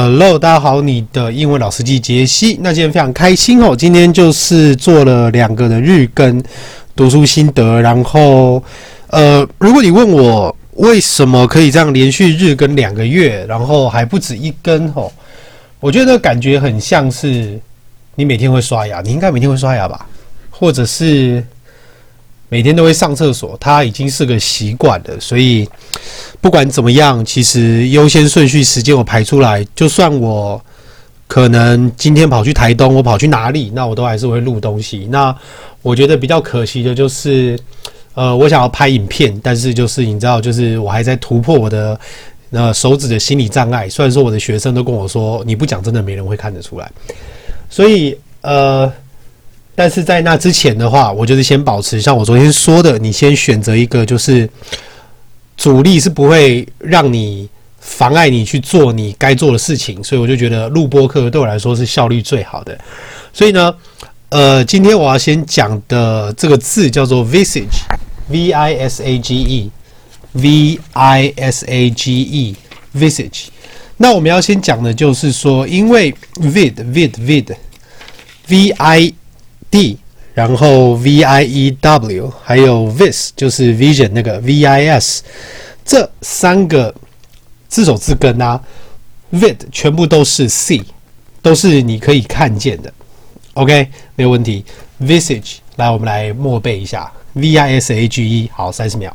Hello，大家好，你的英文老司機傑西，那今天非常開心哦。今天就是做了兩個的日更讀書心得，然後呃，如果你問我為什麼可以這樣連續日更兩個月，然後還不止一更哦，我覺得感覺很像是你每天會刷牙，你應該每天會刷牙吧，或者是。每天都會上廁所，他已經是個習慣了，所以不管怎麼樣，其實優先順序時間我排出來，就算我可能今天跑去台東，我跑去哪裡，那我都還是會錄東西。那我覺得比較可惜的就是，呃，我想要拍影片，但是就是你知道，就是我還在突破我的那手指的心理障礙。雖然說我的學生都跟我說，你不講真的沒人會看得出來，所以呃。但是在那之前的話，我就是先保持像我昨天說的，你先選擇一個，就是主力是不會讓你妨礙你去做你該做的事情，所以我就覺得錄播課對我來說是效率最好的。所以呢，呃，今天我要先講的這個字叫做 “visage”，v i s a g e，v i s a g e，visage。那我們要先講的就是說，因為 vid vid vid v i。d，然後 v i e w，還有 vis 就是 vision 那個 v i s，這三個字首字根啊，vid 全部都是 c，都是你可以看見的，OK 沒有問題，visage 來我們來默背一下，v i s a g e，好，三十秒。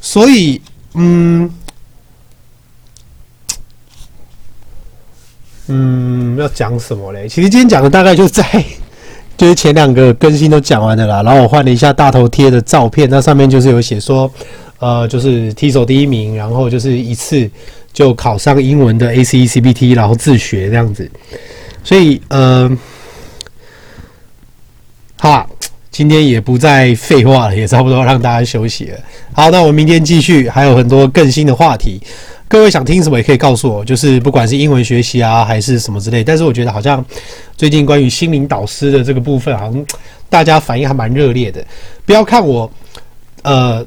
所以，嗯，嗯，要講什麼嘞？其實今天講的大概就在，就是前兩個更新都講完的啦。然後我換了一下大頭貼的照片，那上面就是有寫說，呃，就是 TESOL 第一名，然後就是一次就考上英文的 A C E C B T，然後自學這樣子。所以，嗯，呃，好。今天也不再廢話了，也差不多讓大家休息了。好，那我們明天繼續，還有很多更新的話題。各位想聽什麼也可以告訴我，就是不管是英文學習啊，還是什麼之類。但是我覺得好像最近關於心靈導師的這個部分，好像大家反應還蠻熱烈的。不要看我，呃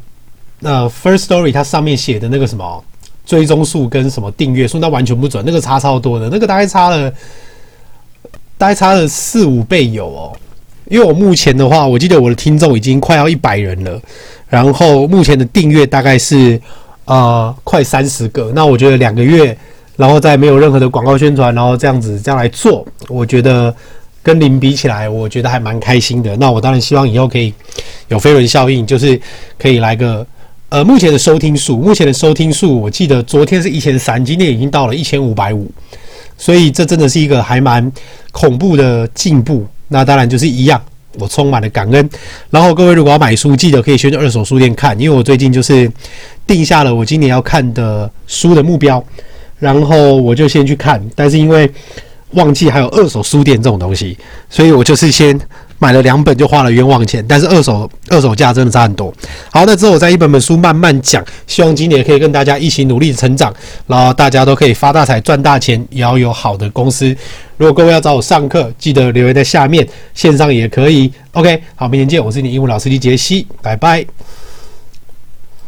呃，Firstory 它上面寫的那個什麼追蹤數跟什麼訂閱數，那完全不準，那個差超多的，那個大概差了大概差了四五倍有哦。因為我目前的話，我記得我的聽眾已經快要一百人了，然後目前的訂閱大概是啊、呃、快三十個。那我覺得兩個月，然後再沒有任何的廣告宣傳，然後這樣子這樣來做，我覺得跟零比起來，我覺得還蠻開心的。那我當然希望以後可以有飛輪效應，就是可以來個呃，目前的收聽數，目前的收聽數，我記得昨天是一千三，今天已經到了一千五百五，所以這真的是一個還蠻恐怖的進步。那當然就是一樣，我充滿了感恩。然後各位如果要買書，記得可以先去二手書店看，因為我最近就是定下了我今年要看的書的目標，然後我就先去看。但是因為忘記還有二手書店這種東西，所以我就是先。買了兩本就花了冤枉錢，但是二手二手價真的差很多。好，那之後我再一本本書慢慢講，希望今年可以跟大家一起努力成長，然後大家都可以發大財賺大錢，也要有好的公司。如果各位要找我上課，記得留言在下面，線上也可以。OK，好，明天見，我是你英文老師李傑西，拜拜。